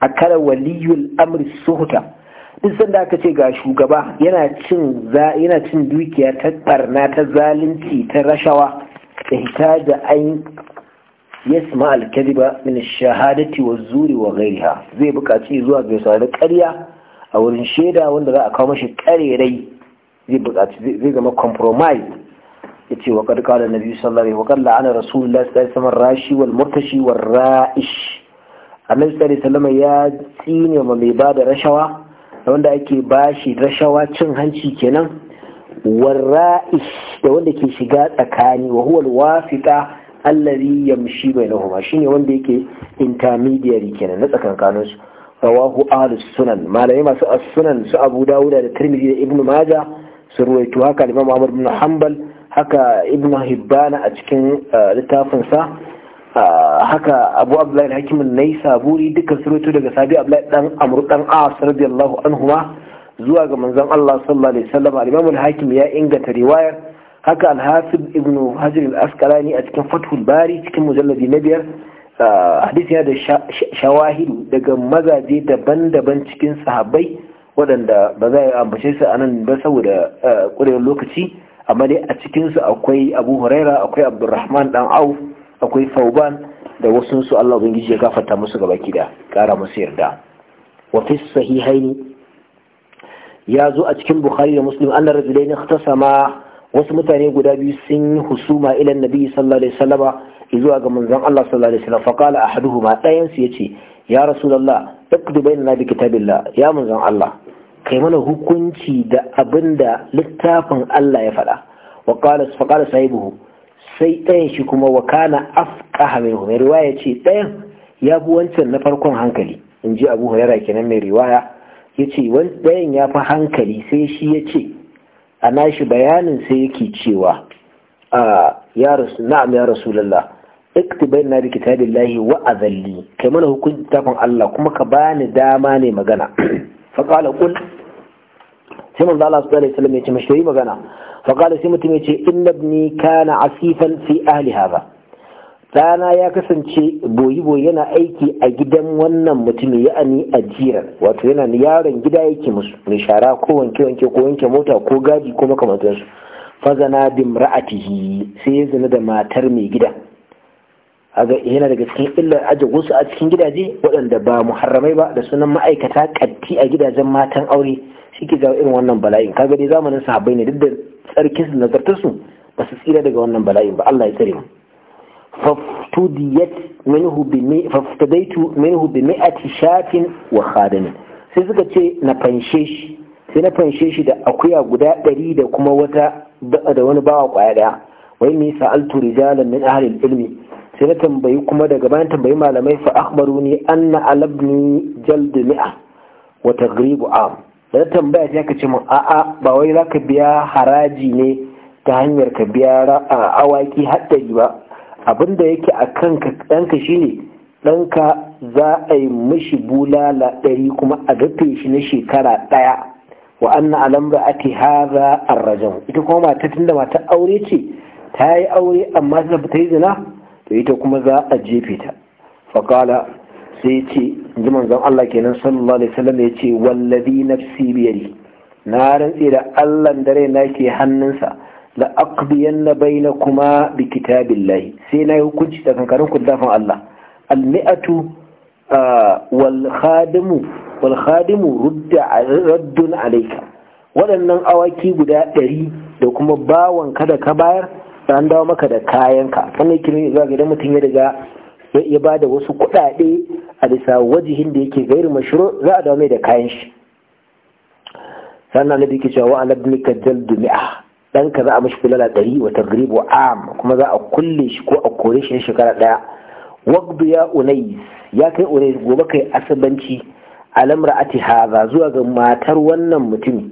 akala waliyul amri suhta duk sanda aka ce ga shugaba yana cin yana cin dukiya ta barna ta zalunci ta rashawa da hita da ayin yasma al-kadhiba min ash-shahadati waz-zuri wa ghayriha zai bukaci zuwa ga saurari ƙarya a wurin shaida wanda za a kawo mashi ƙarerai zai buƙaci zai zama compromise yace wa qad qala nabi sallallahu alaihi wa sallam ana rasulullah sallallahu alaihi wasallam rashi wal murtashi wal ra'ish annabi sallallahu alaihi wasallam ya tsine ma mai da rashawa Da wanda ake bashi rashawa cin hanci kenan warra'is da wanda ke shiga tsakani wa huwa alwasita allazi yamshi bainahuma shine wanda yake intermediary kenan na tsakankanin su rawahu ahlus sunan malamai masu as-sunan su Abu Dawud da Tirmidhi da Ibn Majah su ruwaito haka Imam Ahmad bin Hanbal haka Ibn Hibbana a cikin eh, littafinsa haka abu abdullahi hakimin yi saburi dukkan surutu daga sabi abdullahi dan amru dan as radiyallahu anhuma zuwa ga manzon Allah sallallahu alaihi wasallam al-imam al-hakim ya inganta riwayar haka al-hasib ibnu hajar al-asqalani a cikin fathul bari cikin mujalladi na biyar hadisi yana da shawahidu daga mazaje daban-daban cikin sahabbai waɗanda ba za a ambace su a nan ba saboda eh, ƙurewar lokaci amma dai a cikinsu akwai abu huraira akwai abdurrahman dan auf akwai Fauban da wasu su Allah ubangiji ya gafarta musu gaba kida kara musu yarda wa fi sahihaini ya zo a cikin bukhari da muslim anna rajulaini ikhtasama wasu mutane guda biyu sun yi husuma ila nabi sallallahu alaihi wasallama zuwa ga manzon Allah sallallahu alaihi wasallam faqala ahaduhuma dayan su yace ya rasulullah iqdu bainana bi kitabillah ya manzon Allah kai mana hukunci da abinda littafin Allah ya faɗa wa qala faqala sahibuhu sai ɗayan shi kuma wa kana afqaha minhu mai riwaya ce ɗayan ya fi wancan na farkon hankali in ji abu hurairah kenan mai riwaya ya ce ɗayan ya fi hankali sai shi ya ce a nashi bayanin sai yake cewa ya rasu na'am ya rasulullah bayan na da lahi wa azalli kai mana hukunci tafin Allah kuma ka bani dama ne magana fa qala qul sai ya ce mashi magana faƙala sai mutum ya ce inna ibni kana asifan fi ahli hadha ɗana ya kasance boyi-boyi yana aiki a gidan wannan mutumin ya'ani a jiran wato yana yaron gida yake musu mai shara ko wanke-wanke ko wanke mota ko gaji ko su. fazana bin ra'atihi sai ya zina da matar mai gida yana daga cikin illar aje wasu a cikin gidaje waɗanda ba muharramai ba da sunan ma'aikata ƙatti a gidajen matan aure shi ke irin wannan bala'in kaga dai zamanin sahabbai ne duk da tsarkin su nazartar su ba su tsira daga wannan bala'in ba Allah ya tsare mu faftudiyat minhu bi faftadaitu minhu bi mi'ati shatin wa khadamin sai suka ce na fanshe shi sai na fanshe shi da akuya guda ɗari da kuma wata da wani bawa kwaya daya wai ni sa'altu rijalan min ahli ilmi sai na tambayi kuma daga bayan tambayi malamai fa akhbaruni anna alabni jaldu mi'a wa taghribu am da tambaya ta ka ce mun a'a ba wai za ka biya haraji ne ta hanyar ka biya awaki haddari ba abin da yake a kanka ɗanka shine ɗanka za a yi mishi bulala ɗari kuma a gafe shi na shekara ɗaya wa anna alamra ake hara arrajan ita kuma mata tunda mata aure ce ta yi aure amma ta yi zina to ita kuma za a jefe ta faƙala sai ce ji manzon Allah kenan sallallahu alaihi wasallam ya ce wallazi nafsi yadi na rantse da Allah da rai nake hannunsa la aqdiyanna kuma bi kitabillahi sai na hukunci da kankarin dafan Allah al mi'atu wal khadimu wal khadimu rudda raddun alayka waɗannan awaki guda ɗari da kuma bawon da ka bayar da dawo maka da kayanka sannan kirin zuwa da mutum ya riga ya ba da wasu kuɗaɗe a bisa wajihin da yake gairu mashuru za a dawo mai da kayan shi sannan nabi ke cewa wa alabni ka jaldu mi'a dan ka za a mashi kulala ɗari wa tagribu am kuma za a kulle shi ko a kore shi shekara ɗaya wagdu ya unais ya kai unais gobe kai asabanci alamra ati haza zuwa ga matar wannan mutumi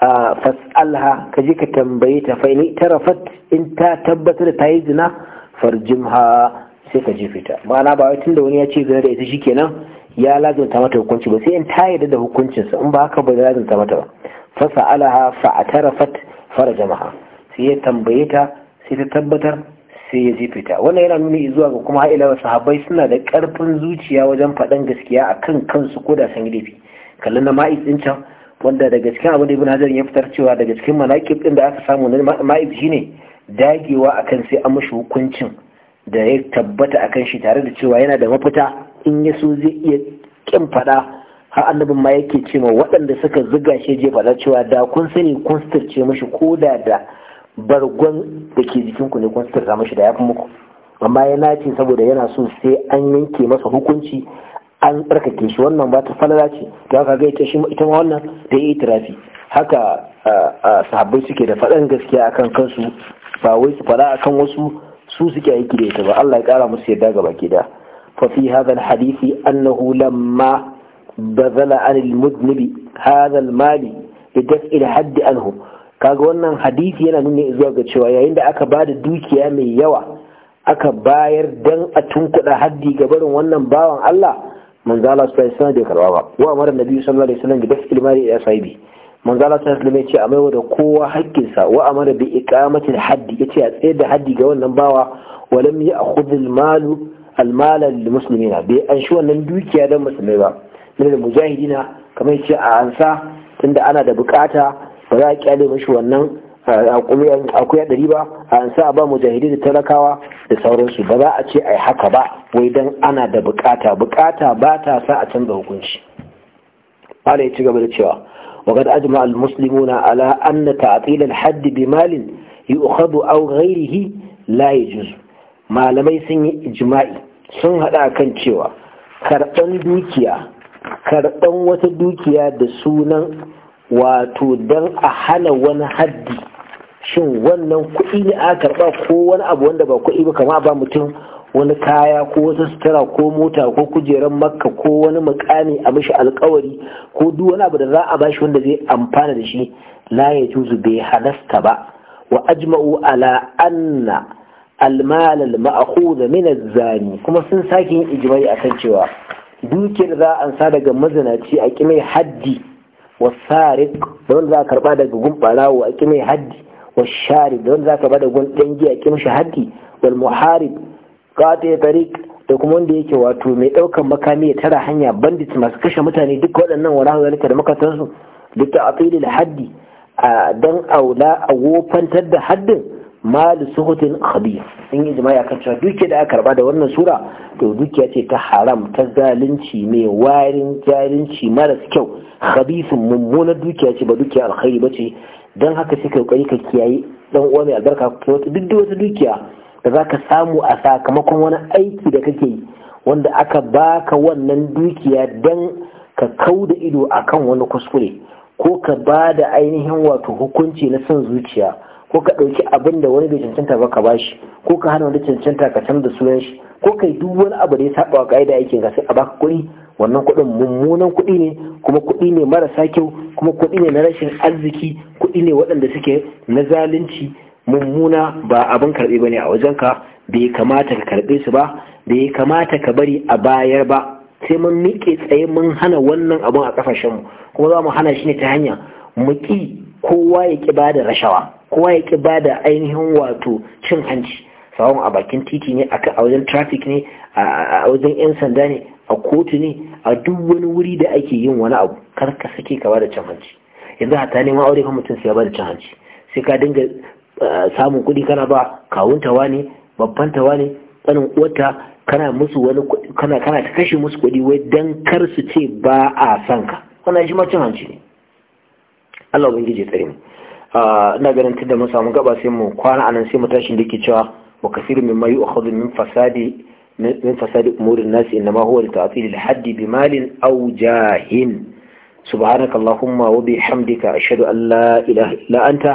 a fas'alha ka je ka tambaye ta fa in tarafat in ta tabbatar da ta yi zina farjimha sai ka jefe ta ma'ana ba tun da wani ya ce zina da ita shikenan ya lazimta mata hukunci ba sai in ta yarda da sa in ba haka ba ya lazimta mata ba fa sa'alaha fa atarafat farajamaha sai ya tambaye ta sai ta tabbatar sai ya jefe ta wannan yana nuni zuwa ga kuma ha'ila sahabbai suna da karfin zuciya wajen faɗan gaskiya akan kansu ko da san gidi kallon na ma'iz din can wanda daga cikin abin da ibn hajar ya fitar cewa daga cikin manaqib din da aka samu na ma'iz shine dagewa akan sai an mashi hukuncin da ya tabbata akan shi tare da cewa yana da mafita in ya so zai iya kin fada har annabin ma yake ce waɗanda suka zuga shi je fada cewa da kun sani kun stirce mashi ko da da bargon da ke jikinku ne kun stirta mashi da ya fi muku amma ya nace saboda yana so sai an yanke masa hukunci an tsarkake shi wannan ba ta falala ce da haka gaita shi ita ma wannan da ya yi tirafi haka sahabbai suke da faɗan gaskiya akan kansu ba wai su faɗa akan wasu su suke aiki da ita ba Allah ya kara musu yadda gaba baki da fa fi hadha annahu lamma bazala anil mudnibi hadha almali haddi hadd anhu kaga wannan hadisi yana nuna zuwa ga cewa yayin da aka bada dukiya mai yawa aka bayar dan a tunkuɗa haddi ga barin wannan bawan Allah manzo Allah sai alaihi da karwa ba wa amara nabi sallallahu alaihi wasallam da daf'il mali ya sahibi manzala ta islam ya ce a maiwa da kowa hakkinsa wa amara bi iqamatil haddi yace a tsayar da haddi ga wannan bawa walam ya'khudh al-malu al-mala muslimina bai an shi wannan dukiya da musulmai ba min da mujahidina kamar yace a ansa tunda ana da bukata ba za a kyale mishi wannan akwai ɗari ba a ansa a ba mujahidi da talakawa da sauransu ba za a ce a ai haka ba wai dan ana da bukata bukata ba ta sa a canza hukunci Allah ya ci gaba da cewa وقد أجمع المسلمون على أن تعطيل الحد بمال يؤخذ أو غيره لا يجوز ما لم يسن إجماعي sun hada kan cewa karɓan dukiya karɓan wata dukiya da sunan wato don a hana wani haddi shin wannan kuɗi ne a karɓa ko wani abu wanda ba kuɗi ba kama ba mutum wani kaya ko wata sutura ko mota ko kujerar makka ko wani mukami a mishi alkawari ko duk wani abu da za a bashi wanda zai amfana da shi la ya juzu bai halasta ba wa ajma'u ala anna almal al min kuma sun sake yin ijma'i akan cewa dukiyar za a ansa daga mazinaci a kimai haddi wa sariq don za a karba daga gumbarawo a kimai haddi wa shari don za a karba daga gun dangi a kimshi haddi wal muharib qati tariq da kuma wanda yake wato mai daukan makami ya tara hanya bandits masu kashe mutane duk waɗannan wani hanzarta da makasansu duk ta da haddi don aula a wofantar da haddin malu suhutin khabi. in yi jima'a kan cewa dukiya da aka karba da wannan sura to dukiya ce ta haram ta zalunci mai warin zalunci maras kyau khabisin mummunar dukiya ce ba dukiya alkhairi ba ce don haka sai ka kokari ka kiyaye dan uwa mai albarka duk da wata dukiya da za ka samu a sakamakon wani aiki da kake yi wanda aka baka wannan dukiya don ka kau da ido a kan wani kuskure ko ka ba da ainihin wato hukunci na son zuciya ko ka ɗauki abin da wani bai cancanta ba ka bashi ko ka hana wani cancanta ka canza sunan shi ko kai duk wani abu da ya saba wa ka'ida aikin ka sai a baka kuɗi wannan kuɗin mummunan kuɗi ne kuma kuɗi ne marasa kyau kuma kuɗi ne na rashin arziki kuɗi ne waɗanda suke na zalunci mummuna ba abin karbi ba ne a wajenka bai kamata ka karɓe su ba bai kamata ka bari a bayar ba sai mun miƙe tsaye mun hana wannan abin a ƙasashenmu kuma za mu hana shi ne ta hanya mu ƙi kowa ya ƙi bada rashawa kowa ya ƙi bada ainihin wato cin hanci sawon a bakin titi ne a wajen traffic ne a wajen 'yan sanda ne a kotu ne a duk wani wuri da ake yin wani abu kar ka sake ka bada cin hanci yanzu hata neman aure kan mutum sai ya bada cin hanci sai ka dinga samun kuɗi kana ba kawuntawa ne babbantawa ne tsanin uwarta kana musu wani kana kana ta kashe musu kuɗi wai dan kar su ce ba a san ka wannan shi ma cin hanci ne Allah ubangiji tsare mu ah, ina ganin tunda mun samu gaba sai mu kwana anan sai mu tashi da ke cewa wa kasiru mimma yu'khadhu min fasadi min fasadi umurin nasi innama huwa li ta'til al-hadd bi malin aw jahin subhanakallahumma wa bihamdika ashhadu an la ilaha illa anta